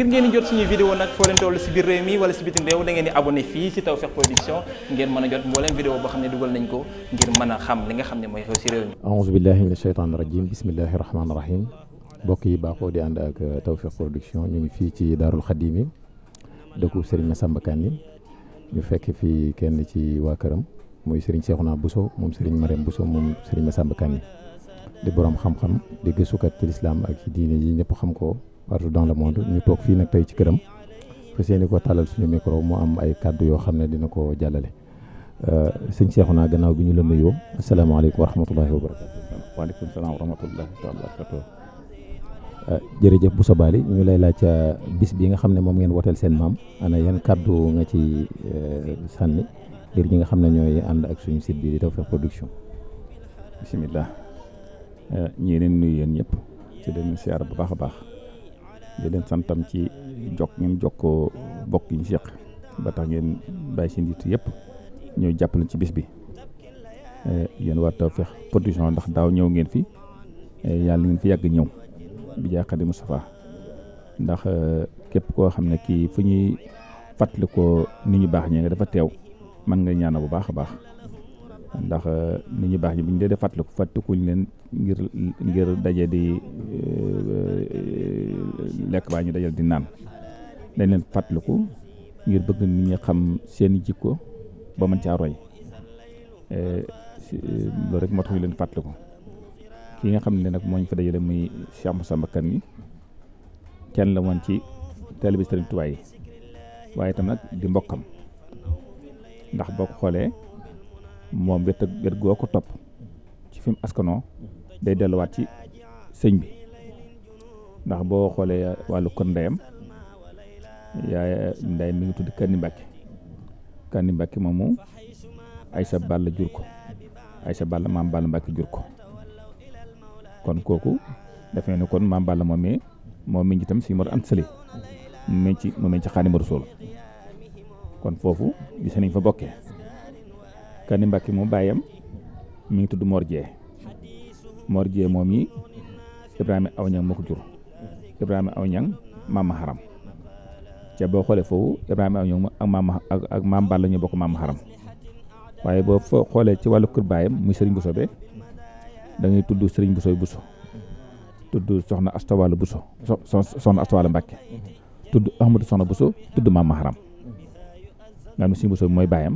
ngir ngeen di jot suñuy vidéo nag foo leen toll si biir réew mi wala si bitim réew da ngeen di abonné fii si Tawfekh Production ngeen mën a jot mbooleem vidéo boo xam ne dugal nañ ko ngir mën a xam li nga xam ne mooy xew si réew mi aouzu billahi mina sheytaani rajim mbokk yi baaxoo di ànd ak euh, Tawfekh Production ñu ngi fii ci Daarul Xadimi dëkku Serigne Massamba Kanni ñu fekk fii kenn ci waa këram muy Serigne Cheikhouna Bousso moom Serigne Marème Bousso moom Serigne Massamba Kanni di borom xam-xam di gëstukat ci ak ci yi ñëpp xam ko partout dans le monde ñu toog fii nag tey ci këram fas yéene ko tàllal suñu micro mu am ay kàddu yoo xam ne dina ko jàllale euh, sëñ Seexuna gannaaw bi ñu la nuyoo asalaamaaleykum wa rahmatullahi wa barakatu waaleykum salaam wa rahmatullahi wa barakatu euh, jërëjëf Bousso Bally ñu lay laaj euh, bis bi nga xam ne moom ngeen woteel seen maam ana yan kàddu nga ci sànni ngir ñi nga xam ne ñooy ànd ak suñu site bi di Tawfekh Production bisimilah ñi leen nuyu yéen ñëpp ci dem siyaar bu baax a baax di leen santam ci jokk ngeen jokkoo bokk yi ñu seq ba tax ngeen bàyyi seen yitt yëpp ñëw jàppale ci bis bi eh, yéen waa Tawfekh Production ndax daaw ñëw ngeen fi eh, yàlla ngeen fi yàgg ñëw bi jaay Xadim Mustafa ndax eh, képp koo xam ne kii fu ñuy fàttali ko nit ñu baax ñee nga dafa teew mën nga ñaana bu baax a baax ndax nit ñu baax ñi bu ñu dee dee fàttaliku fàttalikuñ leen ngir ngir daje di lekk baa ñu dajal di naan dañ leen fàttaliku ngir bëgg nit ñi xam seeni jikko ba mën caa roy eh, loolu rek moo tax ñu leen fàttaliku ki nga xam ne nag moo ñu fa dajale muy Cheikh Moussa Mbakkar gi kenn la woon ci taalibe Sëriñ Tuubaa waaye itam nag di mbokkam ndax boo xoolee moom wet wet goo ko topp ci fi askanoo day delluwaat ci sëñ bi ndax boo xoolee wàllu kon ndeyam yaay ndey mi ngi tudd Kanni Mbàkke Kanni Mbàkke moomu Balla jur ko Aysa Balla maam Balla Mbàkke jur ko kon kooku dafa ne kon maam Balla moom mi moom si Mor Anta Sali mu ci mu ci Xaadimu kon foofu gis nañ fa bokkee Kanni Mbàkke moom bàyyam mi ngi tudd Mor Jee Mor Jee moom yi aw ñam moo jur Ibrahima aw ñang maam Maharam ca boo xoolee foofu Ibrahima aw ñang ak maam ak ak maam Balla bokk maam Maharam waaye boo foo xoolee ci wàllu kër baayam muy Serigne Bousso be da tudd sëriñ buso Bousso Soxna Astawala Bousso Soxna Astawala Mbacke tudd Ahmadou Soxna Bousso bi mooy baayam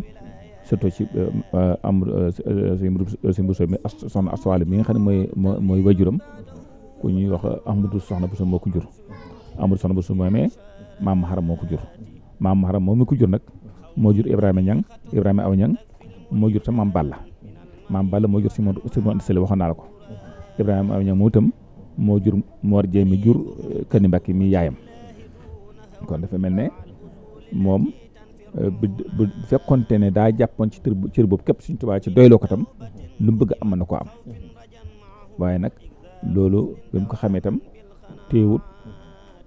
surtout ci euh, euh, am euh, Serigne Bousso mi Soxna Astawala mi nga xam ne mooy mooy wajuram ku ñuy wax Amadou Soxna Bousso moo ko jur Amadou Soxna Bousso moomee maam Maharam moo ko jur maam Maharam moom mi ko jur nag moo jur Ibrahima Ñang Ibrahima Aw Ñang moo jur tam maam la maam Balla moo jur si moom si moom Sële waxoon naa la ko Ibrahima Aw Ñang moo tam moo jur Mor Jeey mi jur eh, Kani Mbàkke mi yaayam kon dafa mel ne moom eh, bu bu fekkonte ne daa jàppoon ci cër boobu képp suñ tubaab ci doyloo ko tam lu mu bëgg am na ko am waaye loolu ba mu ko xamee tam téewut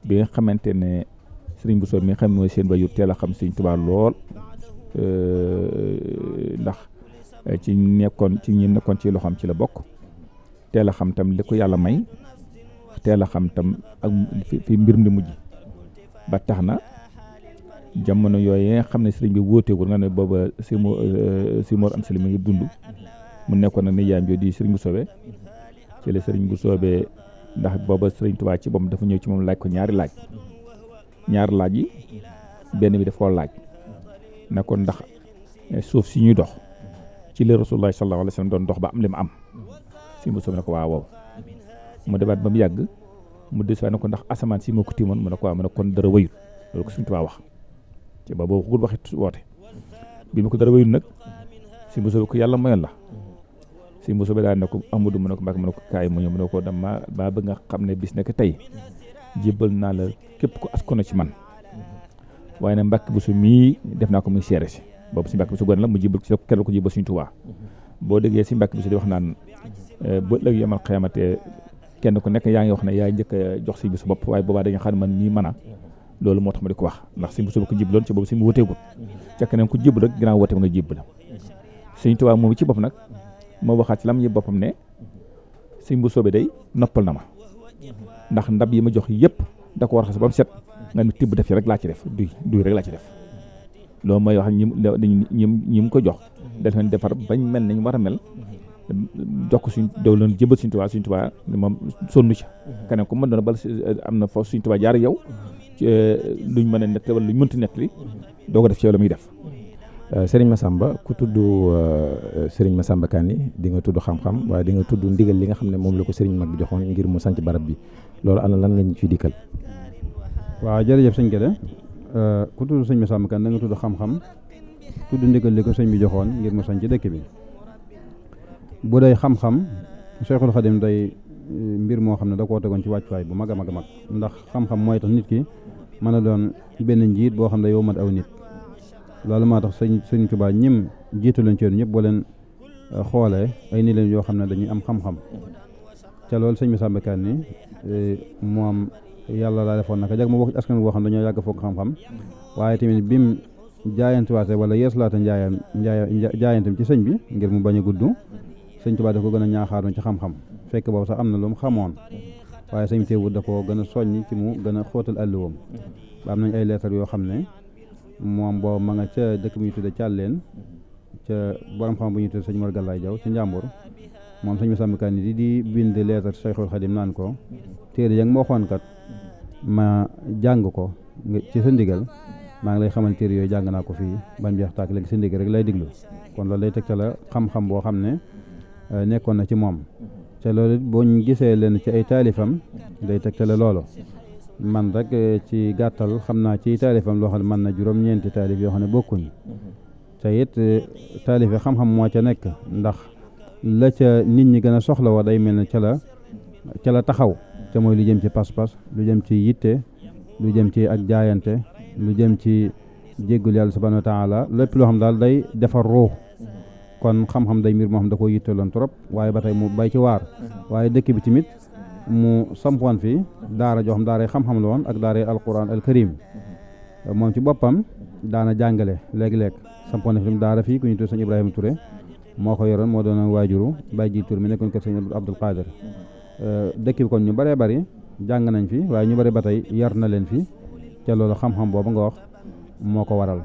bi nga xamante ne sëriñ bu mi nga xam mooy seen bayur teel a xam sëriñ Tuubaa lool euh, ndax ci nekkoon ci ñi nekkoon ci loxoom ci la bokk teel a xam tam ko yàlla may teel a xam ak fi mbir mi mujj ba tax na jamono yooyu nga xam ne sëriñ bi wóoteegul nga ne booba si mo euh, si Mor am sali mi mu nekkoon na nijaayam jooju di sëriñ Bousso ci la sëriñ bu soobee ndax booba sëriñ Tuubaa ci moom dafa ñëw ci moom laaj ko ñaari laaj ñaari laaj yi benn bi daf koo laaj ne ko ndax eh, suuf si ñuy dox ci la Rasulullah sallallahu wa sallam doon dox ba am li ma am si mu soobee ko waaw waaw mu demaat ba mu yàgg mu desuwaat ne ko ndax asamaan si moo ko tiimoon mu ne kon dara wëyul loolu ba boobu waxut woote yàlla mayoon la. si Moussa bi daal ne ko Amadou mu ne ko Mbacke mu ne ko kaay mu ñëw mu ne ko dama maa bëgg nga xam ne bis tey jébbal naa la képp ko askono ci man waaye nag Mbacke bu su mii def naa ko muy seere si boobu si Mbacke bu su gone la mu jébbal ko kenn ko jébbal suñu Tuubaa boo déggee si Mbacke bu su di wax naan eh, bu ëllëg yomal xiyaamatee kenn ku nekk yaa ngi wax ne yaa njëkk jox si bisu bopp waaye boobaa dañ xam man nii mën a loolu moo tax ma di ko wax ndax si bisu ko jibloon ci boobu si mu wëteegul ca keneen ku jib rek ginnaaw wëte ba nga jib la Sëñ Tuubaa moom ci bopp nag ma waxaat ci lam ñi boppam ne sëñ bu soobee day noppal na ma ndax ndab yi ma jox yëpp da ko war a xas ba mu set nga ni tibb def ci rek laa ci def duy duy rek laa ci def loolu mooy wax ñi ñi ñi mu ko jox daf leen defar bañ mel nañ war a mel jox ko suñ daw leen jëbal suñ tubaa suñ tubaa moom sonnu ci keneen ku mën doon bala am na foofu suñ tubaa jaar yow eh, luñ mën a nett wala luñ mënti nett li doo ko def ci yow la muy def ma euh, Massamba ku tudd euh, euh, Serigne Massamba Kanni di nga tudd xam-xam waaye di nga tudd ndigal li nga xam ne moom la ko Serigne mag bi joxoon ngir mu sanc barab bi loolu ana lan nga ñu ciy dikkal. waaw jërëjëf sëñ Gede ku sëñ Massamba Kanni da tudd xam-xam tudd ko sëñ bi joxoon ngir mu sanc dëkk bi bu day xam-xam Cheikhul Khadim day mbir moo xam ne da koo tegoon ci wàccuwaay bu mag a mag a mag ndax xam-xam mooy tax nit ki mën a doon benn njiit boo xam ne yow mat aw nit. loolu maa tax sëñ sëñ Tuubaa ñim jiitu lañ ci yoon ñëpp boo leen euh, xoole ay ni leen yoo xam ne dañuy am xam-xam ca loolu sëñ Massamba Kanni ni euh, moom yàlla laa defoon naka jag mu bokk askan woo xam ne dañoo yàgg foog xam-xam waaye tamit bim jaayantiwaate wala yeesulaate njaayam jaayantam ci sëñ bi ngir mu bañ a gudd sëñ Tuubaa daf ko gën a ñaaxaaroon ci xam-xam fekk boobu sax am na lu mu xamoon waaye sëñ teewul da koo gën a soññ ci mu gën a xóotal àlliwoom ba nañ ay leetar yoo xam ne moom boo ma nga ca dëkk bu ñu caal leen ca borom xam bu ñu tudde sëñ Mor Galaay Jaw ca Njàmbur moom sëñ Masamba Kanni di di bind leetar Sayxul Xadim naan ko téere ya nga ma ma jàng ko ci sa ndigal maa ngi lay xamal téere yooyu jàng naa ko fii ban jeex tàkk léegi sa rek lay diglu kon loolu day teg ca la xam-xam boo xam ne euh, nekkoon na ci moom te loolu it boo ñu gisee leen ci ay taalifam day teg ca la loolu man rek eh, ci gàttal xam naa ci taalifam loo xam ne mën na juróom-ñeenti taalif yoo xam ne bokkuñu mhm. te it eh, taalif yi xam-xam moo ca nekk ndax la ca nit ñi gën a soxla woo day mel ne ca la ca la taxaw ca mooy lu jëm ci pas-pas lu jëm ci yitte lu jëm ci ak jaayante lu jëm ci jéggul yàlla subhanahu wa taala lépp loo xam daal day defar ruux mhm. kon xam-xam day mbir moo xam da koo yitte loon trop waaye ba tey mu bay ci waar mhm. waaye dëkk bi tamit mu sampoon fi daara joo xam daaray xam-xam la woon ak daaray alquran al karim moom ci boppam daana jàngale léeg-léeg sampoon na fi mu daara fii ku ñu tudd sëñ Ibrahima Touré moo ko yoroon moo doon waajuru bàyyi ji tur mi nekkoon kër sëñ Abdul Qadir eh, dëkk bi kon ñu bëree bari jàng nañ fi waaye ñu bari ba tey yar na leen fi ca loolu xam-xam boobu nga wax moo ko waral.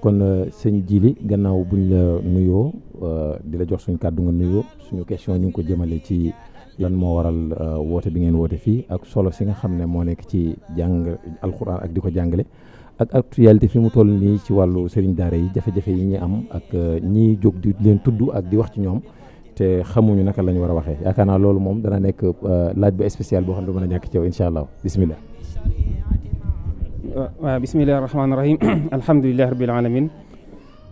kon eh, sëñ Jili gannaaw buñ la nuyoo eh, di la jox suñ kàddu nga nuyoo suñu question ñu ngi ko jëmale ci. lan moo waral euh, woote bi ngeen woote fii ak solo si nga xam ne moo nekk ci jàng alxuraan ak di ko le ak actualité fi mu toll nii ci wàllu sëriñ daara yi jafe-jafe yi ñi am ak euh, ñiy jóg di leen tudd ak di wax ci ñoom te xamuñu naka lañ war a waxee yaakaar naa loolu moom dana nekk euh, laaj bu spécial boo xam ne mën a ñàkk ci yow incha allah bisimilah. waaw bisimilah rahmaani rahim alhamdulilah rabil alamin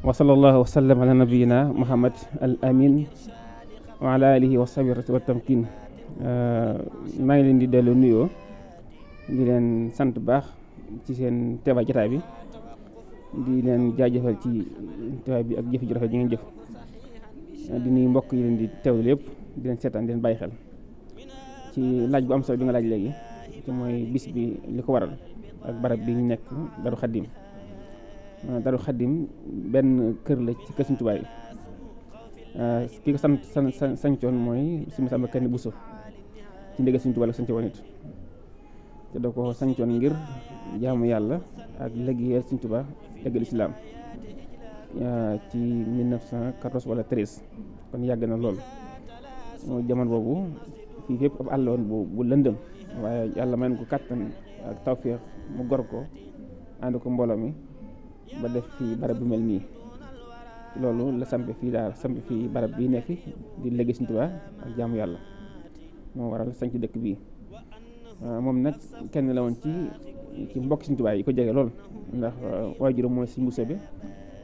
wa sallallahu wa sallam ala muhammad al amin wa ala alihi wa sabi wa tamkin euh, maa ngi leen di dellu nuyoo di leen sant baax ci seen teewaay jataay bi di leen jaajëfal ci teewaay bi ak jëf ju rafet yi ngeen jëf di nuy mbokk yi leen di teewlu yëpp di leen seetaan di leen bàyyi xel ci laaj bu am solo bi nga laaj léegi ci mooy bis bi li ko waral ak barab bi ñu nekk daru xaddim daru xaddim benn kër la ci kër Sëriñ Tuubaa yi Euh, ki ko sant san san sancoon mooy si Masamba Kanni Bousso ci ndege Sëriñ Tuubaa la sanc woon it te da ko sancoon ngir jaamu yàlla ak liggéeyal Sëriñ Tuubaa eggal islaam euh, ci 1914 wala 13 kon yàgg na lool mooy jamon boobu fii fépp ab àll woon bu lëndëm waaye yàlla may na ko kàttan ak tawféex mu gor ko ànd ko mbooloo mi ba def fii barab bu mel nii loolu la samp fii daal samp fii barab bii nekk di léegi Sëriñ Tuubaa ak jaamu yàlla moo waral sanc dëkk bii ah, moom nag kenn la woon ci ci mbokk Sëriñ yi ko jege lool ndax ah, waajuram mooy Sëriñ Muusaa bi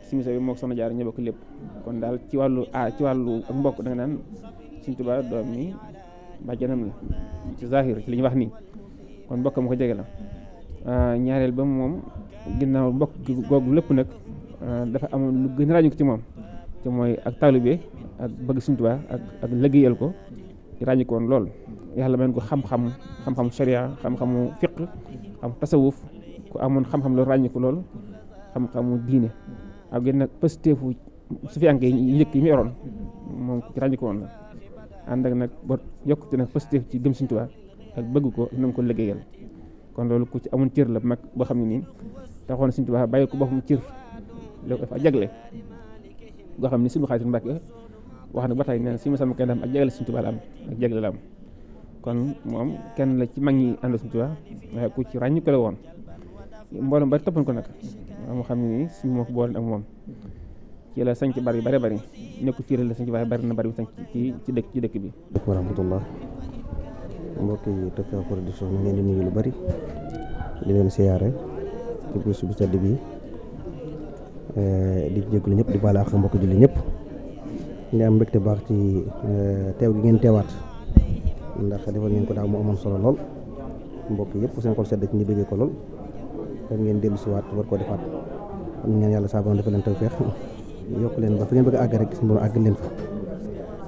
Sëriñ Muusaa bi moo ko soxna jaar ñoo bokk lépp kon daal ci wàllu ah, ci wàllu ak mbokk da nga naan Sëriñ Tuubaa doom mi bàjjanam la ci zahir ci li ñu wax nii kon mbokk mu ko jege la ñaareel ba moom ginnaaw mbokk googu lépp nekk Euh, dafa am lu gën a ràññiku ci moom te mooy ak taalibe ak bëgg Sëriñ Tuubaa ak ak liggéeyal ko ràññi ko lool yàlla mën ko xam-xam xam-xam sharia xam-xamu fiq xam tasawuf ku amoon xam-xam lu lool xam-xamu diine ak yéen nag pësteefu yi njëkk moom ku ràññi ko ànd ak nag ba yokkute nag pësteef ci gëm Sëriñ ak bëgg ko nam ko liggéeyal kon loolu ku ci amoon cër la mag boo xam ne nii taxoon Sëriñ Tuubaa bàyyi ko boppam cër dafa jagle goo xam ne suñu xaalis mbàkk wax na ba tey nee na suñu kenn am ak jagle suñu tubaab la am kon moom kenn la ci mag ñi ànd suñu tubaab waaye ku ci ràññu ko la woon mbooloo bari toppan ko nag moo xam ne suñu moo ko boole ak moom ci la sanc bari bari bari nekku fiiral la sanc bari bari na bari bi sanc ci ci dëkk ci dëkk bi wa rahmatullah mbokk yi lu bari di leen siyaare ci bés bi Eh, di jégalu ñëpp di baal ak mbokk julli ñëpp di am mbégte baax ci eh, teew gi ngeen teewaat ndax defal ngeen ko daa mu amoon solo lool mbokk yëpp seen xol sedd ci ñu bëggee ko lool kon ngeen dellu si waat war koo defaat am ngeen yàlla saa borom defal leen tawfeex yokk leen ba fi ngeen bëgg a àgg rek suñu borom àggal leen fa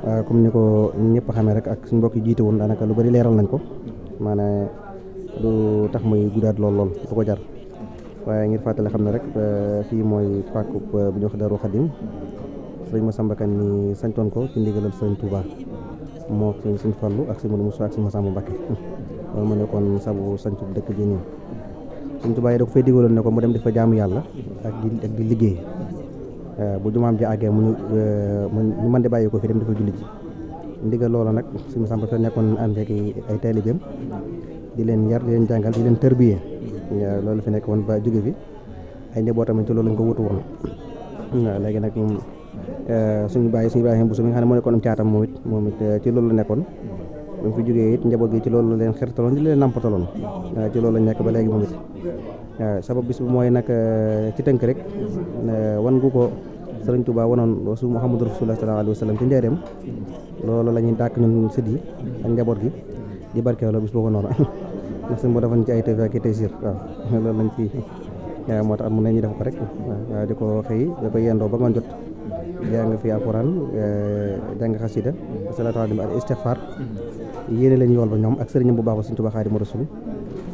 ah, comme ni ko ñëpp xamee rek ak mbokk yi jiite woon daanaka lu bari leeral nañ ko maanaam du tax muy guddaat lool lool du ko jar. waaye ngir fàttali xam ne rek euh, fii mooy pàkku euh, bu ñu wax Darou Khadim sëriñ Massamba Kane ni santoon ko ci ndigalal sëriñ Touba moo ak sëriñ Fallou ak sëriñ Modou Moussa ak sëriñ Massamba Mbacké loolu ma nekkoon sabu sanc dëkk bi nii sëriñ Touba yi da ko fay digaloon ne ko mu dem di fa jaamu yàlla ak di ak di liggéey euh, bu jumaam ji àggee mu ñu mën di bàyyi ko fi dem di fa julli ji ndigal loola nag sëriñ Massamba fa nekkoon ànd ak ay taalibeem di leen yar di leen jàngal di leen tërbiyee loolu fi nekk woon ba jóge fi ay njabootam ci loolu lañ ko wutu woon léegi nag moom eh, suñu bàyyi suñu Ibrahima Bousso mi xam ne moo nekkoon am caatam moom it moom it eh, ci loolu la nekkoon bu fi jógee it njaboot gi ci loolu leen xirtaloon di leen nàmpataloon eh, ci loolu lañ nekk ba léegi moom it sabab bis bi mooy nag ci tënk rek wan gu ko Sëriñ Tuubaa wanoon su Muhammadu Rasulullah sallallahu alayhi wa sallam ci njëriñam loolu la ñuy dàkk ñun sët yi ak njaboot gi di barkeeloo bis boobu noonu ndax suñu boo defoon ci ay tawfeex ak i taysir waaw loolu lañ ci waaw moo ko rek waaw di ko xëy da koy yendoo ba ngoon jot jàng fi alquran eh, jàng xasida salaatu alayhi ak istighfar yéene leen yool ba ñoom ak sëriñam bu baax ba Sëriñ Tuubaa Xaadimu Rasuul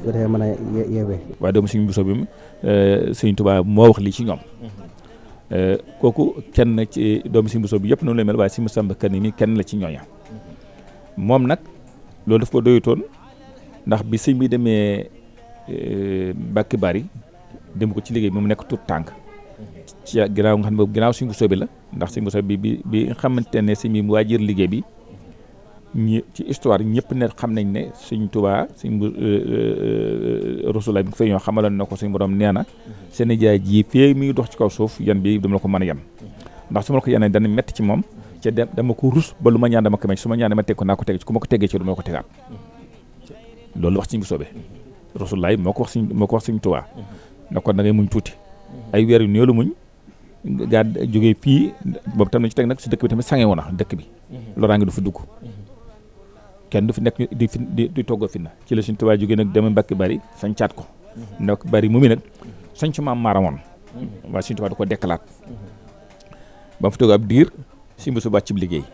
soo defee mën a yeewee waaye doomu Sëriñ Bousso bi mu eh, Sëriñ Tuubaa moo wax lii ci ñoom mm-hmm. eh, kooku kenn ci doomu Sëriñ Bousso bi yëpp noonu lay mel waaye Sëriñ Massamba Kanni mi kenn la ci ñooña mm-hmm. moom nag loolu daf ko doyutoon ndax bi sëñ bi demee euh, Mbàkke Bari dem ko ci liggéey bi mu nekk tout tànk ci ginnaaw nga xam ne ginnaaw suñ bu soobee la ndax suñ bu soobee bi bi xamante ne sëñ bi mu waajir liggéey bi ñi ci histoire ñëpp ne xam nañ ne suñ tubaa suñ bu euh, euh, Rasulullah bi nga ko suñ borom nee na seen jaay ji fee mi ngi dox ci kaw suuf yan bi dama la ko mën a yan ndax su ma la ko yanee dana métti ci moom ca dama ko rus ba lu ma ñaan dama ko meñ su ma ñaan dama teg ko naa ko teg ci ku ma ko tegee ci du ma ko tegaat loolu wax suñ bu soobee rasulaay moo ko wax suñ moo ko tubaa na kon da ngay muñ tuuti ay weer yu néew la muñ gaa jógee fii boobu tam ci teg nag su dëkk bi tamit sangewu na dëkk bi loraange du fa dugg kenn du fi nekk di fi di toggoo fi ci la suñ tubaa jógee nag dama mbakki bari sañcaat ko ndax bari mu mi nag sañ ci maam maaramoon waaye suñ tubaa da ko dekkalaat ba mu fi toog ab diir si mbusu bàcc ci liggéey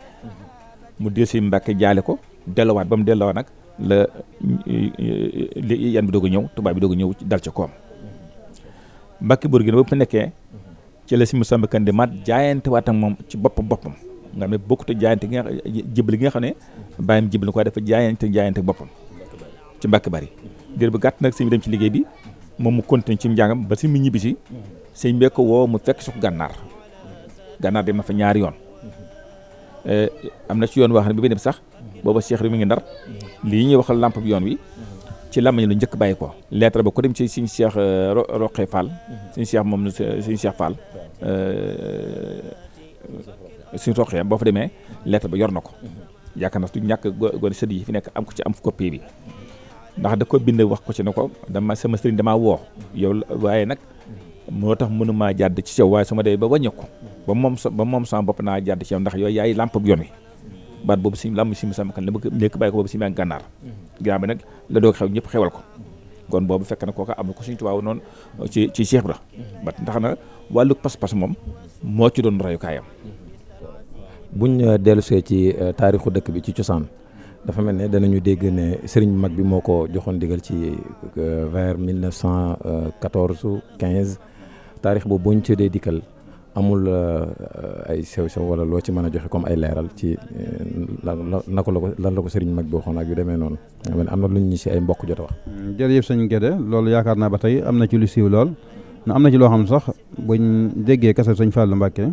mu dee si mbàkke jaale ko delluwaat ba mu delluwaat nag la yan bi doog a ñëw tubaab bi doog a ñëw dal ca koom Mbàkke Buur gi na ba fa nekkee ci la si Masamba Kanni maat jaayante waat ak moom ci boppam boppam nga xam ne bokkut ak jaayante gi nga gi nga xam ne bàyyam jibali dafa jaayante jaayante boppam ci Mbàkke Bari diir nag sëñ bi dem ci liggéey bi moom mu continué ci ba si mu ñibbisi si sëñ bee ko woo mu fekk su ko gànnaar gànnaar dem na fa ñaari yoon eh, am na ci yoon wax ne bi bi dem sax booba Cheikh mu ngi ndar lii ñuy waxal lamp bi yoon wi ci làmmiñ lu njëkk bàyyi ko lettre ba ko dem ci suñu seex euh, Roqe Fall suñu seex moom suñu Cheikh Fall euh, suñu Roqe boo fa demee lettre ba yor na ko yaakaar naa su ñàkk gone sët yi fi nekk am ko ci am copie bi ndax da ko bind wax ko ci ne ko dama sama sëriñ damaa woo yow waaye nag moo tax mënumaa jàdd ci sew waaye su ma dee ba wàññeeku ba moom ba moom sama bopp naa jàdd ci yow ndax yooyu yaay làmp bi yoon wi baat boobu si lam si musamkan la lékk bàyyi ko boobu si maa ngi gànnaar ginnaaw bi nag la doog xew ñëpp xewal ko kon boobu fekk na kooka am na ko suñu tubaabu noonu ci ci Cheikh Ibra ba ndax na wàllu pas-pas moom moo ci doon rayukaayam buñ euh, dellu see ci euh, taarixu dëkk bi ci cosaan dafa mel ne danañu dégg ne sëriñ mag bi moo ko joxoon digal ci euh, vers 1914 15 taarix boobu buñ ci dee dikkal amul euh, euh, ay sew sew wala loo ci mën a joxe comme ay leeral ci euh, lan la ko lan la ko sëriñ mag boo waxoon ak yu demee noonu. am na lu ñu si ay mbokk jot a wax. Mm, jërëjëf sëñ Guédé yaakaar naa ba tey am na ci lu siiw lool na am na ci loo xam sax buñ déggee kese sëñ Fallou Mbacké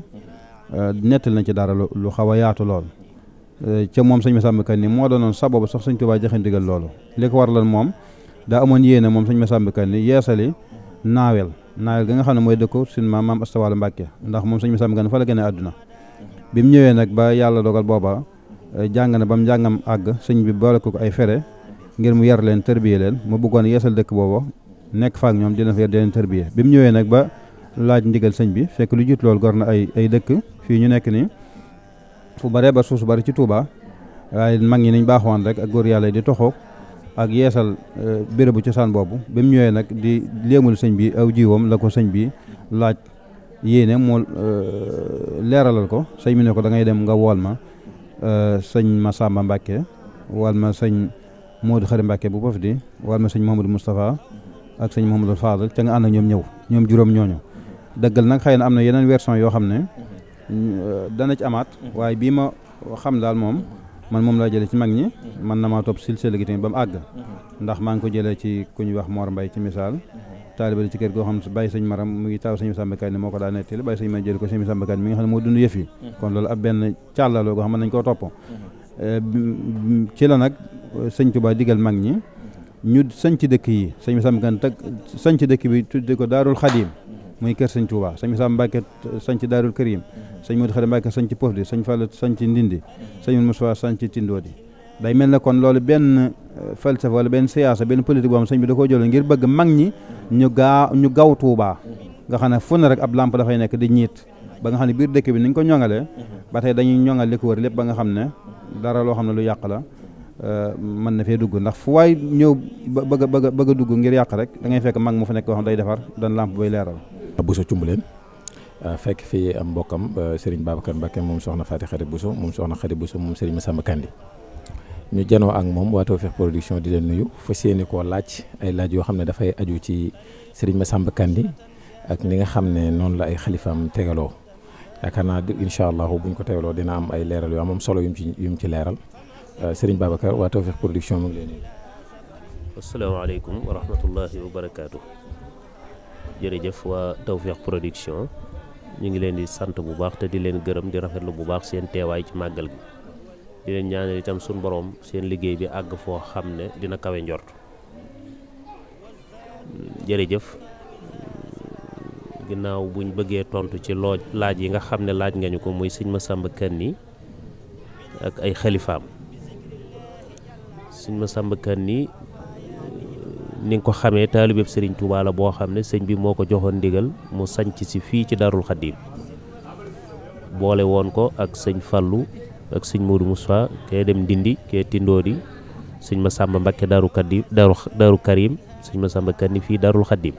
nettal na ci dara lu xaw a yaatu lool. ca moom sëñ Massamba Kanni moo doonoon sa boobu sax sëñ Tuubaa joxe ndigal loolu li war waraloon moom daa amoon yéene moom sëñ Massamba Kanni yeesali naawel. naawel ga nga xam ne mooy dëkku suñu maam maam astawalu Mbàkke ndax moom sëñ Moussa Mbacke fa la gën a àdduna bi mu ñëwee nag ba yàlla dogal booba eh, jàng na ba mu jàngam àgg sëñ bi boole ko ay fere ngir mu yar leen tërbiye leen mu bëggoon yeesal dëkk booba nekk faak ñoom dina fa yar di leen tërbiye bi mu ñëwee nag ba laaj ndigal sëñ bi fekk lu jiit lool gor na ay ay dëkk fii ñu nekk nii fu bare ba suus bari ci Touba waaye mag ñi niñ baaxoon rek ak góor yàlla di toxoo ak yeesal eh, bérébu cosaan boobu bi mu ñëwee nag di léemul sëñ bi aw jiwoom la ko sëñ bi laaj yéene moo eh, leeralal ko sëñ mu ne ko da ngay dem nga wool ma eh, sëñ Massamba Mbacke wool ma sëñ Modou Khari Mbacke bu bof di wool ma sëñ Mouhamadou Moustapha ak sëñ Mouhamadou Fadal ca nga ànd ak ñoom ñëw ñoom juróom ñooñu dëggal nag xëy na am na yeneen version yoo xam ne dana ci amaat mm-hmm. waaye bii ma xam daal moom man moom laa jëlee ci mag ñi mhm. man na maa topp silsila gi tamit ba mu àgg mhm. ndax maa ngi ko jëlee ci ku ñuy wax Mor Mbay ci misaal mhm. taalibe ci kër goo xam bay sëñ maram mu ngi taaw sëñ sàmbakaay ne moo ko daa nettali bàyyi sëñ ma jël ko sëñ sàmbakaay mi nga xam ne moo dund yëf yi kon loolu ab benn càllaloo goo xam ne nañ koo topp eh, ci la nag eh, sëñ Tuubaa digal mag ñi ñu sëñ ci dëkk yi sëñ sàmbakaay sëñ sañc dëkk bi tudde ko daarul xadim muy kër sëñ Touba sëñ Moussa Mbacke sanc Daarul Karim sëñ Modou Khare Mbacke sanc Pofdi sëñ Fallou sanc Ndindi sëñ Moussa sanc Tindoodi day mel ne kon loolu benn eh, falsafa wala benn siyaasa benn politique boo xam sëñ bi da koo jëloon ngir bëgg mag ñi ñu gaa ñu gaw Touba nga xam ne fu ne rek ab lamp dafay nekk di ñiit ba nga xam ne biir dëkk bi niñ ko ñoŋalee ba tey dañuy ñoŋal li ko wër lépp ba nga xam ne dara loo xam ne lu yàq la mën na fee dugg ndax fu waaye ñëw bëgg a bëgg a dugg ngir yàq rek da ngay fekk mag mu fa nekk wax day defar dan làmp bay leeral. Bousso Cumbuleen euh, fekk fii am mbokkam euh, Serigne Babacar Mbacke moom soxna Faty Khary Bousso moom soxna Khary Bousso moom Serigne Massamba Kandi ñu janoo ak moom waa Tawfekh Production di leen nuyu fas yéene koo laaj ay laaj yoo xam ne dafay aju ci Serigne Massamba Kandi ak ni nga xam ne noonu la ay xalifaam tegaloo yaakaar naa incha allah buñ ko tegaloo dina am ay leeral yoo moom solo yu mu ci yu mu ci leeral. Euh, Serigne Babacar waa Tawfekh Production mu ngi leen nuyu. jërëjëf waa Tawfekh Production ñu ngi leen di sant bu baax te di leen gërëm di rafetlu bu baax seen teewaay ci màggal bi di leen ñaanal itam suñu borom seen liggéey bi àgg foo xam ne dina kawe njort. jërëjëf. ginnaaw buñ bëggee tontu ci looj laaj yi nga xam ne laaj nga ñu ko muy sëñ Massamba ni ak ay xalifaam sëñ ma Kane nii ni nga ko xamee taalibeb sëriñ Touba boo xam ne sëñ bi moo ko joxoon ndigal mu sanc si fii ci Darul Xaddim boole woon ko ak sëñ Fallou ak sëñ Modou Moussa kee dem Ndindi kee di sëñ ma Mbacké Darou Kadim Darou Darou Karim sëñ Massamba Kane fii Darul Xaddim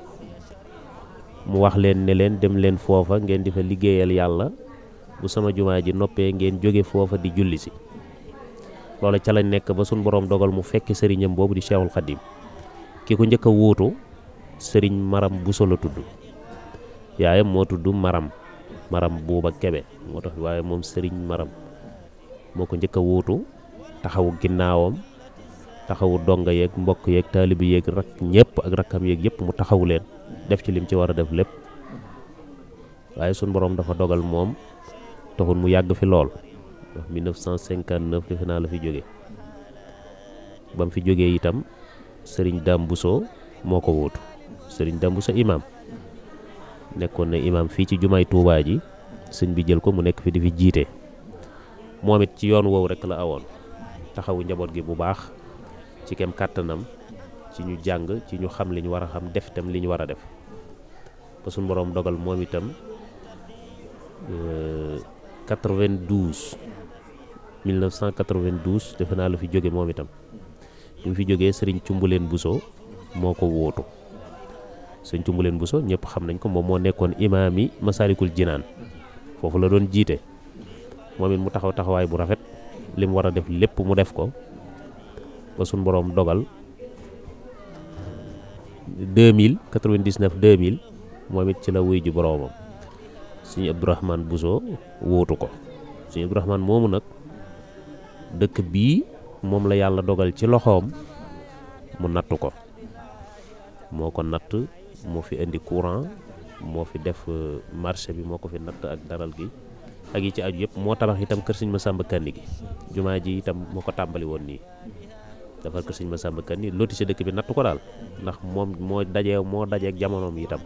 mu wax leen ne leen dem leen foofa ngeen di fa liggéeyal yàlla bu sama jumaa ji noppee ngeen jóge foofa di julli si loola ca la nekk ba suñ boroom dogal mu fekki sëriñam boobu di Cheikhul Khadim ki ko njëkk a wuutu sëriñ Maram Bousso la tudd yaayam moo tudd Maram Maram Bouba Kebe moo tax waaye moom sëriñ Maram moo ko njëkk a wuutu taxawu ginnaawam taxawu donga yeeg mbokk yeeg taalibi yeeg rak ñépp ak rakkam yeeg yëpp mu taxawu leen def ci lim ci war a def lépp waaye suñ boroom dafa dogal moom taxul mu yàgg fi lool ndax 1959 defe naa la fi jóge ba mu fi jógee itam sëriñ Dame moo ko wóotu sëriñ Dame Bousso imaam nekkoon na imaam fii ci jumaay Touba ji sëñ bi jël ko mu nekk fi di fi jiite moom it ci yoon woowu rek la awoon taxawu njaboot gi bu baax ci kem kàttanam ci ñu jàng ci ñu xam li ñu war a xam def itam li ñu war a def ba suñu dogal moom itam euh, 1992 defe naa la fi jóge moom itam bi mu fi jógee sëriñ Cumbuleen Buso moo ko wóotu sëriñ Cumbuleen Buso ñëpp xam nañ ko moom moo nekkoon imaam yi Masaalikul Jinaan foofu la doon jiite moom it mu taxaw taxawaay bu rafet li mu war a def lépp mu def ko ba suñ boroom dogal 2000 99 2000 moom it ci la wuy ji boroomam sëriñ Abdourahmane Buso wóotu ko sëriñ Abdourahmane moomu nag dëkk bii moom la yàlla dogal ci loxoom mu nattu ko moo ko natt moo fi indi courant moo fi def euh, marché bi moo ko fi natt ak daral gi ak yi ci aju yëpp moo tabax itam kër sëñ Masamba Kanni gi jumaa ji itam moo ko tàmbali woon nii defar kër sëñ Masamba Kanni loti si dëkk bi nattu ko daal ndax moom moo dajee moo dajeek jamonoom itam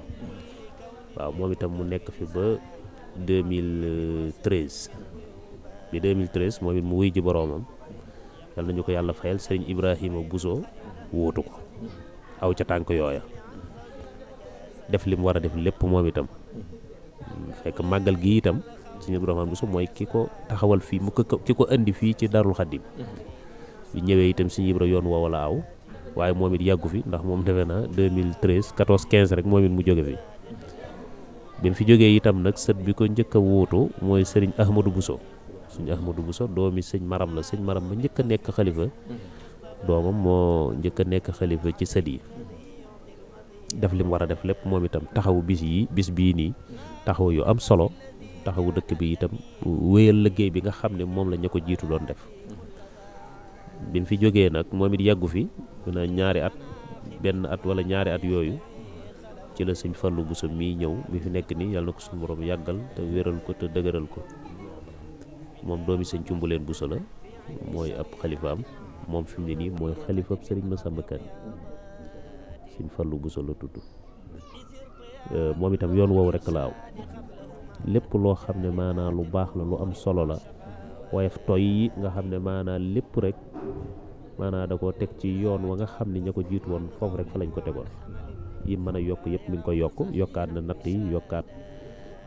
waaw moom itam mu nekk fi ba bi 2013 moom it mu wuy ji boroomam yal nañu ko yàlla fayal sëriñ Ibrahima Bousso wóotu ko aw ca tànk yooya def li mu war a def lépp moom itam fekk màggal gi itam sëriñ Ibrahima Bousso mooy ki ko taxawal fii mu ko ki ko indi fii ci Darou Khadim bi ñëwee itam sëriñ Ibra yoon woowa aw waaye moom it yàggu fi ndax moom defe naa 2013 14 15 rek moom it mu jóge fi bi mu fi jógee itam nag sët bi ko njëkk a wóotu mooy sëriñ Ahmadou Bousso suñu Ahmadou Bousso doomi sëñ Maram la sëñ Maram ba njëkk a nekk xalifa doomam moo njëkk a nekk xalifa ci sët yi def li war a def lépp moom itam taxawu bis yi bis bii nii taxaw yu am solo taxawu dëkk bi itam wéyal liggéey bi nga xam ne moom la ñu ko jiitu doon def bi fi jógee nag moom it yàggu fi na ñaari at benn at wala ñaari at yooyu ci la sëñ Fallou Bousso mii ñëw mi fi nekk nii yàlla na ko suñu borom yàggal te wéral ko te dëgëral ko moom doomi sëñ Cumbuleen Buso la mooy ab xalifaam moom fi mu ne nii mooy xalifab sëriñ Masamba Kanni sëñ Fallu Buso la tudd euh, moom itam yoon woowu rek laaw lépp loo xam ne maanaa lu baax la lu am solo la waaye toy nga xam ne maanaa lépp rek maanaa da koo teg ci yoon wa nga xam ne ña ko jiitu woon foofu rek fa lañ ko tegoon yi mën a yokk yëpp mi ngi ko yokk yokkaat na natt yi yokkaat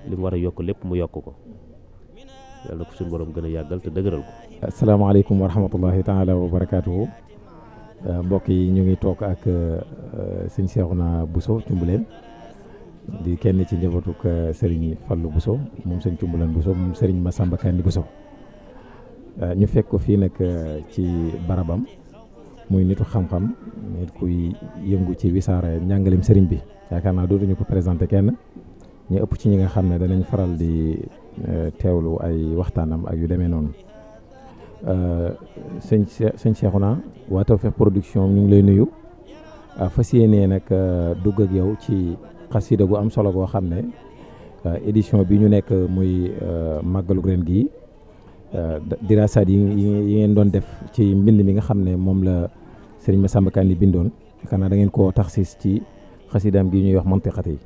li mu war a yokk lépp mu yokk ko yàlla ko suñu borom gën a yàggal te dëgëral ko. asalaamaaleykum wa rahmatullahi taala wa barakaatuhu mbokk yi ñu ngi toog ak euh, sëñ Cheikhouna Bousso Cumbuleen di kenn ci njabootuk euh, sëriñ Fallou Bousso moom sëñ Cumbuleen Bousso moom sëriñ Massamba Kandi Bousso euh, ñu fekk ko fii nag ci barabam muy nitu xam-xam nit kuy yëngu ci wisaare njàngaleem sëriñ bi yaakaar naa dootuñu ko présenté kenn ñu ëpp ci ñi nga xam ne danañ faral di Euh, teewlu ay waxtaanam ak yu demee noonu euh, sëñ sëñ Cheikhouna waa Tawfekh Production ñu ngi lay nuyu euh, fas yéenee nag dugg ak yow ci xasida gu am solo goo xam ne édition bi ñu nekk muy màggalu ren gi dirasaat yi yi ngeen doon def ci mbind mi nga xam ne moom la ma sëriñ Massamba Kanni bindoon xanaa da ngeen tax taxsis ci xasidaam gi ñuy wax mantiqat yi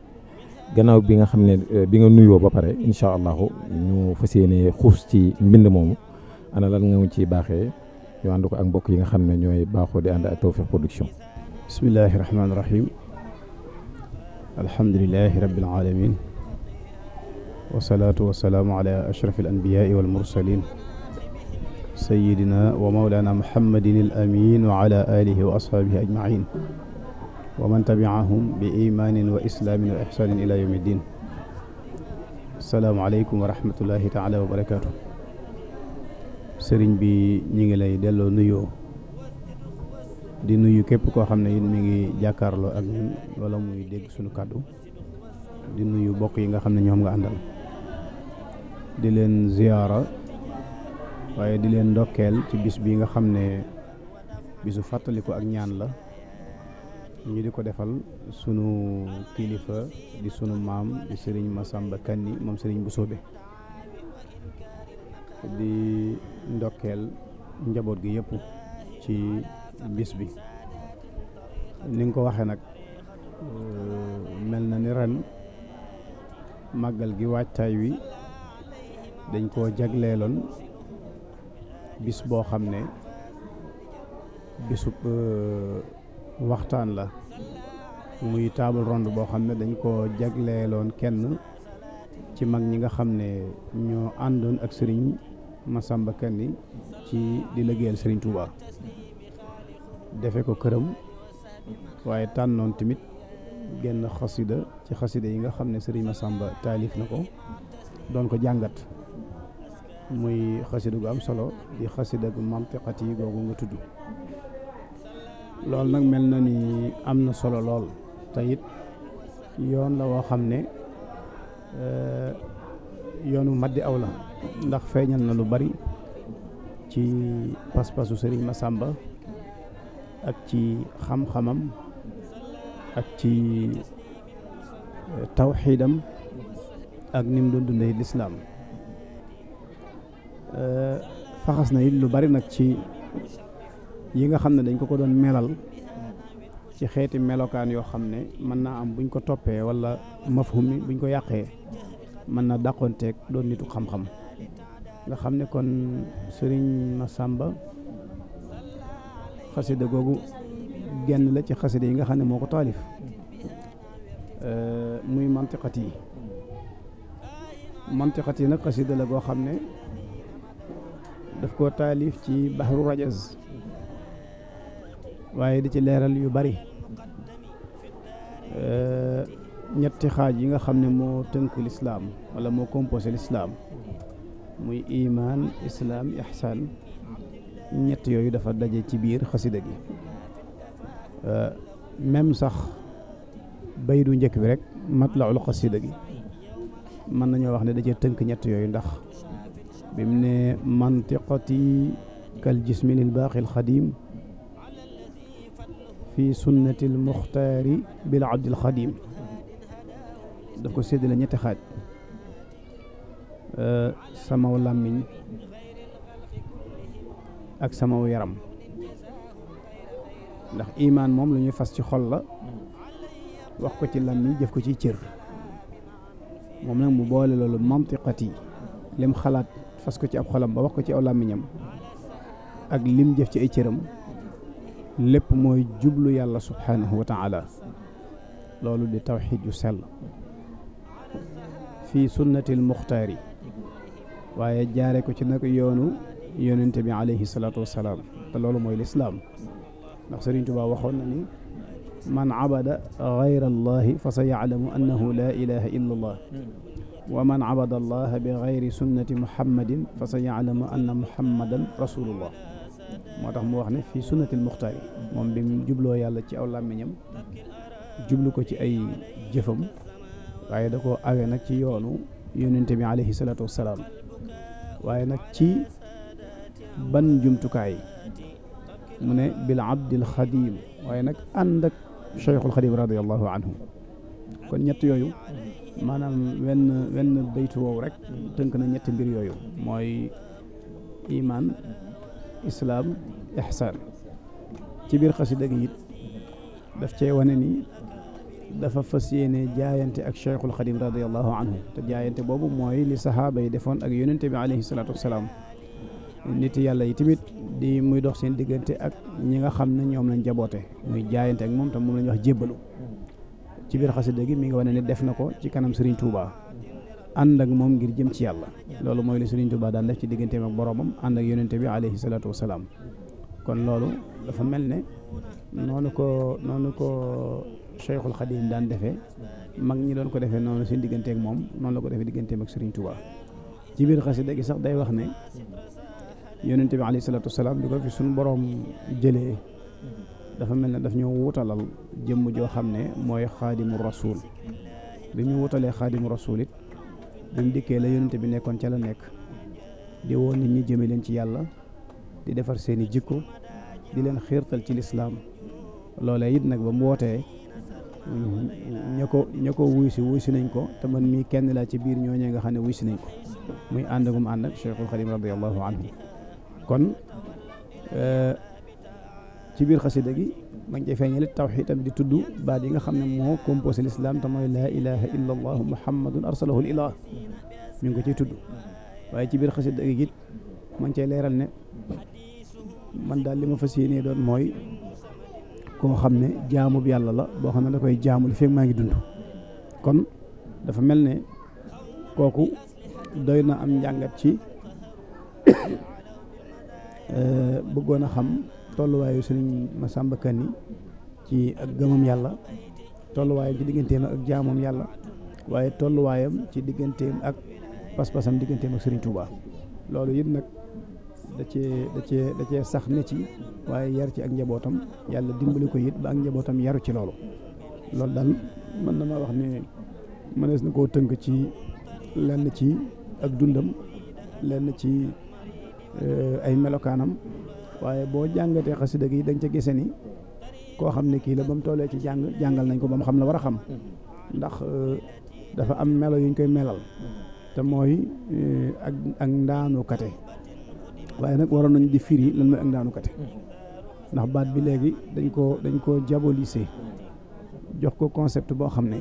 gannaaw bi nga xam ne euh, bi nga nuyoo ba pare incha allahu ñu fas yéene xuus ci mbind moomu ana lan nga ci baaxe ñu ànd ak mbokk yi nga xam ne ñooy baaxoo di ànd ak Tawfekh Production bismillahi rahmaani rahim alhamdulilahi rabbil alamin wasalaatu wasalaamu ala ashraf al anbiyaai wal mursalin sayidina wa maulana muhammadin wa ala alihi wa ashaabihi ajmain wa man bi imaanin wa islaamin wa ixsaanin ila yawmi ddin asalaamualeykum wa rahmatullahi wa barakaatu sëriñ bi ñu ngi lay delloo nuyoo di nuyu képp koo xam ne it mi ngi jàkkaarloo ak ñun wala muy dégg suñu kàddu di nuyu bokk yi nga xam ne ñoom nga àndal di leen ziyaara waaye di leen ndokkeel ci bis bi nga xam ne bisu fàttaliku ak ñaan la ñu di ko defal sunu kilifa di sunu maam di sëriñ Masamba Kanni moom sëriñ Busoobe di ndokkeel njaboot gi yëpp ci bis bi ni nga ko waxee nag euh, mel na ni ren màggal gi waajtaay wi dañ koo jagleeloon bis boo xam ne bisub euh, waxtaan la muy table ronde boo xam ne dañ ko jagleeloon kenn ci mag ñi nga xam ne ñoo àndoon ak sëriñ Massamba Kanni ci di liggéeyal sëriñ Touba defe ko këram waaye tànnoon tamit genn xasida ci xasida yi nga xam ne sëriñ Massamba taalif na ko doon ko jàngat muy xasida gu am solo di xasida gu mantiqat yi googu nga tudd loolu nag mel na ni am na solo lool te it yoon la woo xam ne euh, yoonu maddi aw la ndax feeñal na lu bari ci pas-pasu sëriñ Masamba ak ci xam-xamam ak ci euh, tawxiidam ak nim doon dundee lislaam euh, faxas na it lu bari nag ci yi nga xam ne dañ ko ko doon melal ci xeeti melokaan yoo xam ne mën naa am buñ ko toppee wala mafhum mi buñ ko yàqee mën na dàqonteeg doon nitu xam-xam nga xam ne kon sëriñ Massamba xasida googu genn la ci xasida yi nga xam ne moo ko taalif euh, muy mantiqat yi mantiqat yi nag xasida la goo xam ne daf ko taalif ci baxru rajaz waaye di ci leeral yu bari ñetti xaaj yi nga xam ne moo tënk lislaam wala moo composé lislaam muy imaan islaam ihsaan ñetti yooyu dafa daje ci biir xasida gi même sax bay du njëkk bi rek matlaul xasida gi mën nañoo wax ne da tënk ñetti yooyu ndax bi mu ne mantiqati kal jismi lil fi sunnati almuxtaari bil abdil xadim daf ko séddale ñetti xaaj euh, samaw làmmiñ ak samaw yaram ndax imaan moom lu ñuy fas ci xol la wax ko ci làmmiñ jëf ko ci cër moom nag mu boole loolu mantiqat yi lim xalaat fas ko ci ab xolam ba wax ko ci aw làmmiñam ak lim jëf ci ay cëram lépp mooy jublu yàlla subhaanahu wa taala loolu di tawxiid yu sell fii sunnatil muxtaari waaye jaare ko ci nag yoonu yonente bi alayhi salaatu wasalaam te loolu mooy lislaam ndax Sëriñ Tuubaa waxoon na ni man abada gayra allahi fa sa yaclamu annahu laa ilaha illa allah wa man abada allaha bi gayri sunnati muhammadin fa sa yaclamu anna muhammadan rasulullah moo tax mu wax ne fii sunnatil muxtaar yi moom bi mu jubloo yàlla ci aw làmmiñam jublu ko ci ay jëfam waaye da ko awe nag ci yoonu yonente bi alayhi salaatu wassalaam waaye nag ci ban jumtukaay mu ne bil abdil xadim waaye nag ànd ak cheikhul xadim radiallahu anhu kon ñett yooyu maanaam wenn wenn baytu woowu rek tënk na ñetti mbir yooyu mooy iman islaam ihsaan ci biir xasida gi it daf cee wane ni dafa fas yéene jaayante ak cheikhul xadim radiallahu anhu te jaayante boobu mooy li sahaaba yi defoon ak yonente bi alayhi salaatu wasalaam nit yàlla yi tamit di muy dox seen diggante ak ñi nga xam ne ñoom lañ jaboote muy jaayante ak moom tam moom la wax jébbalu ci biir xasida gi mi ngi wane ne def na ko ci kanam Serigne Touba. ànd ak moom ngir jëm ci yàlla loolu mooy li Sëriñ Tuubaa daan def ci digganteem ak boroomam ànd ak yonente bi alayhi salaatu wasalaam kon loolu dafa mel ne noonu ko noonu ko Cheikhul Xadim daan defee mag ñi doon ko defee noonu seen digganteek moom noonu la ko defee digganteem ak Sëriñ Tuubaa ci biir xasida gi sax day wax ne yonente bi alayhi salaatu wasalaam di ko fi suñu boroom jëlee dafa mel ne daf ñoo wutalal jëmm joo xam ne mooy xaadimu rasuul bi ñu wutalee xaadimu rasuul it buñ dikkee la yonente bi nekkoon ca la nekk di woo nit ñi jëme leen ci yàlla di defar seeni jikko di leen xeertal ci lislaam loolee it nag ba mu wootee ña ko ña ko wuy si wuy nañ ko te man mii kenn laa ci biir ñooñee nga xam ne wuy si nañ ko muy ànd gum ànd ak Cheikhul Xadim radiallahu anhu kon eh, ci biir xasida gi ma ngi cee feeñal tawxiid tamit di tudd baat yi nga xam ne moo composé l'islam te mooy laa ilaha illa allahu muhammadun arsalahu l ilah mi ngi ko ciy tudd waaye ci biir xasida gi it ma ngi leeral ne man daal li ma fas yéenee doon mooy koo xam ne jaamu bi yàlla la boo xam ne da koy jaamu li fekk maa ngi dund kon dafa mel ne kooku doy na am njàngat ci euh, bëggoon a xam tolluwaayu ma Massamba Kanni ci ak gëmam yàlla tolluwaayam ci digganteem ak jaamoom yàlla waaye tolluwaayam ci digganteem ak pas-pasam digganteem ak sëriñ Touba loolu yëpp nag da cee da cee cee sax ne ci waaye yar ci ak njabootam yàlla dimbali ko it ba ak njabootam yaru ci loolu loolu daal mën na ma wax ne mënees na koo tënk ci lenn ci ak dundam lenn ci eh, ay melokaanam waaye boo jàngatee xasida gi da nga ca gise ni koo xam ne kii la ba mu tollee ci jàng jàngal nañ ko ba mu xam ne war a xam ndax euh, dafa am melo yuñ koy melal te mooy euh, ak ak ndaanu kate waaye nag waroon nañ di firi lan mooy ndaanu kate ndax baat bi léegi dañ koo dañ koo diaboliser jox ko concept boo xam ne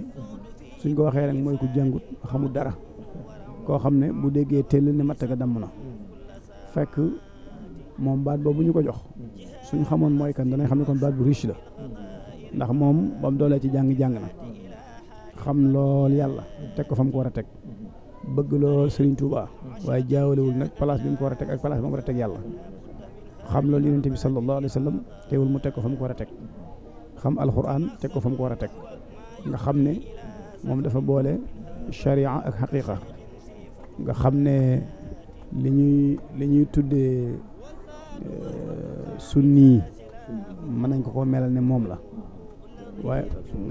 suñ ko waxee rek mooy ku jàngut xamul dara koo xam ne bu déggee teel ne matt ga damm na fekk moom baat boobu ñu ko jox suñu xamoon mooy kan danañ xam ne kon baat bu riche la ndax moom ba mu doolee ci jàng-jàng na xam lool yàlla teg ko fa mu ko war a teg bëgg lool Serigne Touba waaye jaawalewul nag place bi mu ko war a teg ak place bi mu ko war a teg yàlla xam loolu yonente bi sallallahu alayhi wa sallam teewul mu teg ko fa mu ko war a teg xam alxuraan teg ko fa mu ko war a teg nga xam ne moom dafa boole sharia ak xaqiqa nga xam ne li ñuy li ñuy tuddee Euh, sunni mën nañ ko ko melal ne moom la waaye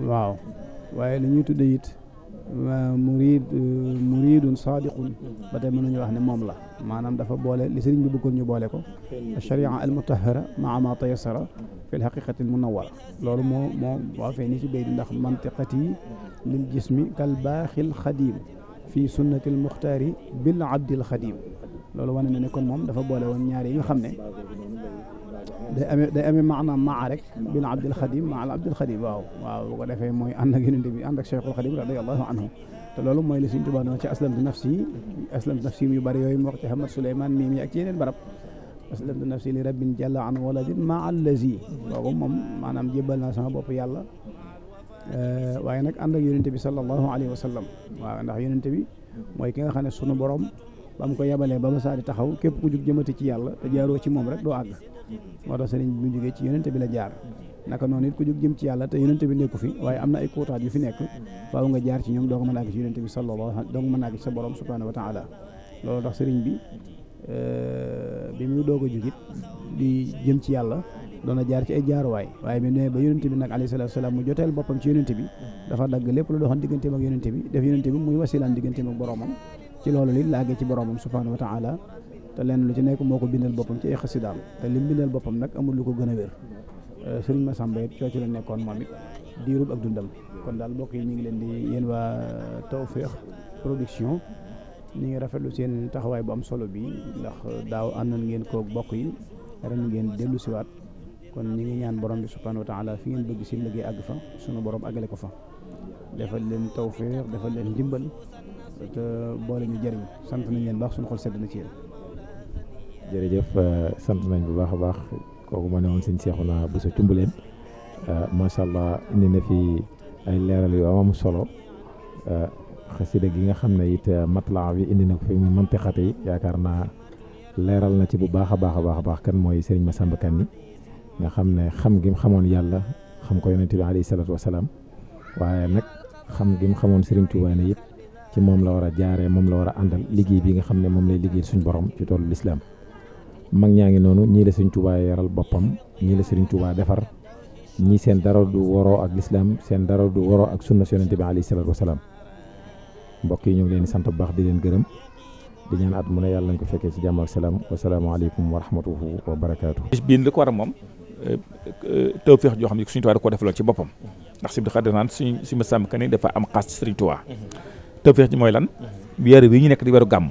waaw waaye li ñuy tudde it euh, murid euh, muridun sadiqun ba tey mën nañu wax ne moom la maanaam dafa boole li sëriñ bu bëggoon ñu boole ko sharia al mutahara maa ma tayassara fi l haqiqati loolu moo moo waa fee ni ci béy di ndax mantiqati lil jismi kal baaxil xadim fi sunnati al muxtaari bil abdil xadim loolu wane na ne kon moom dafa boole woon ñaar yi nga xam ne day amee day amee maanaam maa rek bil abdil xadim maa al abdil xadim waaw waaw bu defee mooy ànd ak yonente bi ànd ak mooy li suñ tubaab noonu yooyu mu wax ci Ahmad Suleyman mii mi ak ci yeneen barab aslamtu nafsi li rabbin jalla maa allazi boobu moom maanaam jébbal naa sama bopp yàlla waaye nag ànd ak yonente bi sallallahu alayhi wa sallam waaw ndax yonente bi mooy ki nga sunu borom am ko yebalee ba masaa di taxaw képp ku jug jëmati ci yàlla te jaaroo ci moom rek doo àgg moo tax sëriñ bi mu jógee ci yonente bi la jaar naka noonu it ku jóg jëm ci yàlla te yonente bi nekku fi waaye am na ay kuutaat yu fi nekk faaw jaar ñoom doo ko mën a àgg ci yonente bi sallallahu doo a àgg ci sa borom subhanahu wa taala euh, a jugit di ci yàlla doon na jaar ci ay jaaruwaay waaye bi ne ba yonente bi nag alayhi salaam mu joteel boppam ci yonente bi dafa dagg lépp lu doxoon digganteem ak yonente bi def yonente bi muy wasilaan digganteem ak boromam ci loolu li la àggee ci boroomam subhaanahu wa taala te lenn lu ci nekk moo ko bindal boppam ci ay xasidaam te lim bindal boppam nag amul lu ko gën a wér euh, sëriñ Massamba it coo ci la nekkoon moom it diirub ak dundam kon daal mbokk yi ñu ngi leen di yéen waa Tawfekh Production ñu ngi rafetlu seen taxawaay bu am solo bi ndax daaw àndoon ngeen koog bokk yi ren ngeen dellu siwaat kon ñu ngi ñaan borom bi subhaanahu wa taala fi ngeen bëgg seen liggéey àgg fa sunu borom àggale ko fa defal leen tawfeex defal leen ndimbal te boole ñu jëriñ sant nañ leen baax suñu xol sedd na ci yéen. jërëjëf euh, sant nañ bu baax a baax kooku ma ne woon sëñ Seexuna bu sa cumbuleen euh, macha allah indi na fi ay leeral yu am solo euh, xasida gi nga xam ne it matla bi indi na ko fi mu mantixate yi yaakaar naa leeral na ci bu baax a baax a baax a baax kan mooy sëriñ ma Massamba Kanni nga xam ne xam gim mu xamoon yàlla xam ko yonente bi alayhi salaatu wasalaam waaye nag xam gi mu xamoon sëriñ Tuubaa ne it ci moom la war a jaaree moom la war a àndal liggéey bi nga xam ne moom lay liggéey suñ borom ci tollu lislaam mag ñaa ngi noonu ñii la sëriñ Tuubaa yaral boppam ñii la sëriñ Tuubaa defar ñii seen dara du waroo ak lislaam seen dara du waroo ak sunna yonente bi alayhi salaatu wasalaam mbokk yi ñu ngi leen di sant bu baax di leen gërëm di ñaan at mu ne yàlla ko fekkee ci jàmm ak salaam wasalaamaaleykum wa rahmatuhu wa barakaatu. bis bii li ko war a moom tawféex joo xam ne suñu Tuubaa da koo defaloon ci boppam ndax Sëriñ Xaadir naan suñu suñu sàmm ka dafa am xaas ci Sëriñ Tuubaa tawfeex ji mooy lan weer wi ñu nekk di weeru gàmm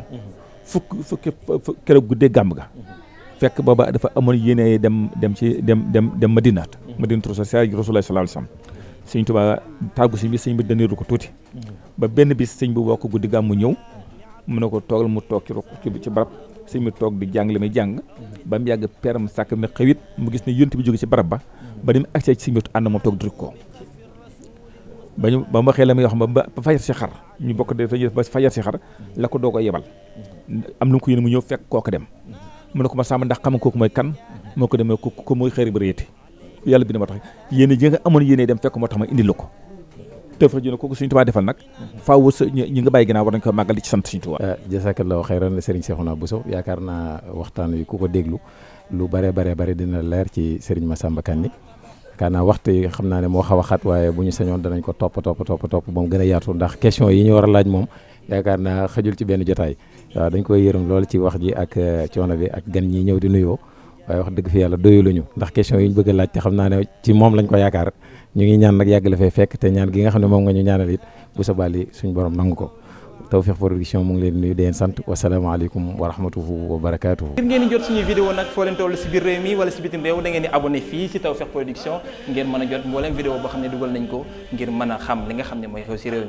fukk fukki keroog guddee gàmm ga fekk booba dafa amoon yéene dem dem ci dem dem dem madinaat madinatu rasulullah sallallahu alayhi wasallam sëñ Tuubaa tàggu si bi sëñ bi daniiru ko tuuti ba benn bi sëñ bi woo ko guddi gàmmu ñëw mu ne ko toogal mu toog ci ci barab sëñ bi toog bi jàng li may jàng ba mu yàgg peram sàkk mi xewit mu gis ne yonent bi jóge ci barab ba ba ni mu agsee ci sëñ bi ànd moom toog di ko ba ñu ba ma xelam yoo xam ba fajar si xar ñu bokk de ba fajar si xar la ko doog a yebal am na ko yéen mu ñëw fekk kooku dem mu ne ko ma sàmm ndax xam nga kooku mooy kan moo ko demee ko mooy xëri bari yéete yàlla bi na ma tax yéen ji nga amoon yéene dem fekk moo tax ma indil la ko tëfra kooku suñu tubaa defal nag faaw sa ñi nga bàyyi ginnaaw war nañ ko màggal di ci sant suñu tubaa eh, jazakallahu na Serigne Cheikhouna Bousso yaakaar naa waxtaan wi ku ko déglu lu bare bare bare dina leer ci ma Massamba Kanni kaanaa waxtu yi xam naa ne moo xaw a waaye bu ñu sañoon danañ ko topp topp topp moom gën a yaatu ndax question yi ñu war a laaj moom yaakaar naa xajul ci benn jotaay waaw dañ koy yërëm lool ci wax ji ak euh, coono bi ak gan ñi ñëw di nuyoo waaye wax dëgg fi yàlla doyu luñu ndax question yi ñu bëgg a laaj te xam naa ne ci moom lañ ko yaakaar ñu ngi ñaan nag yàgg la fekk te ñaan gi nga xam ne moom nga ñu ñaanal it bu sa bàlli suñ borom nangu ko Tawfekh Production mu ngi leen nuyu sant wasalaamaaleykum wa rahmatuhu wa barakaatu. ngir ngeen di jot suñuy vidéo nag foo leen si biir réew mi wala si bitim réew da ngeen di abonné fii si Tawfekh Production ngeen mën a jot mbooleem vidéo boo xam ne dugal nañ ko ngir mën a xam li nga xam ne mooy xew si réew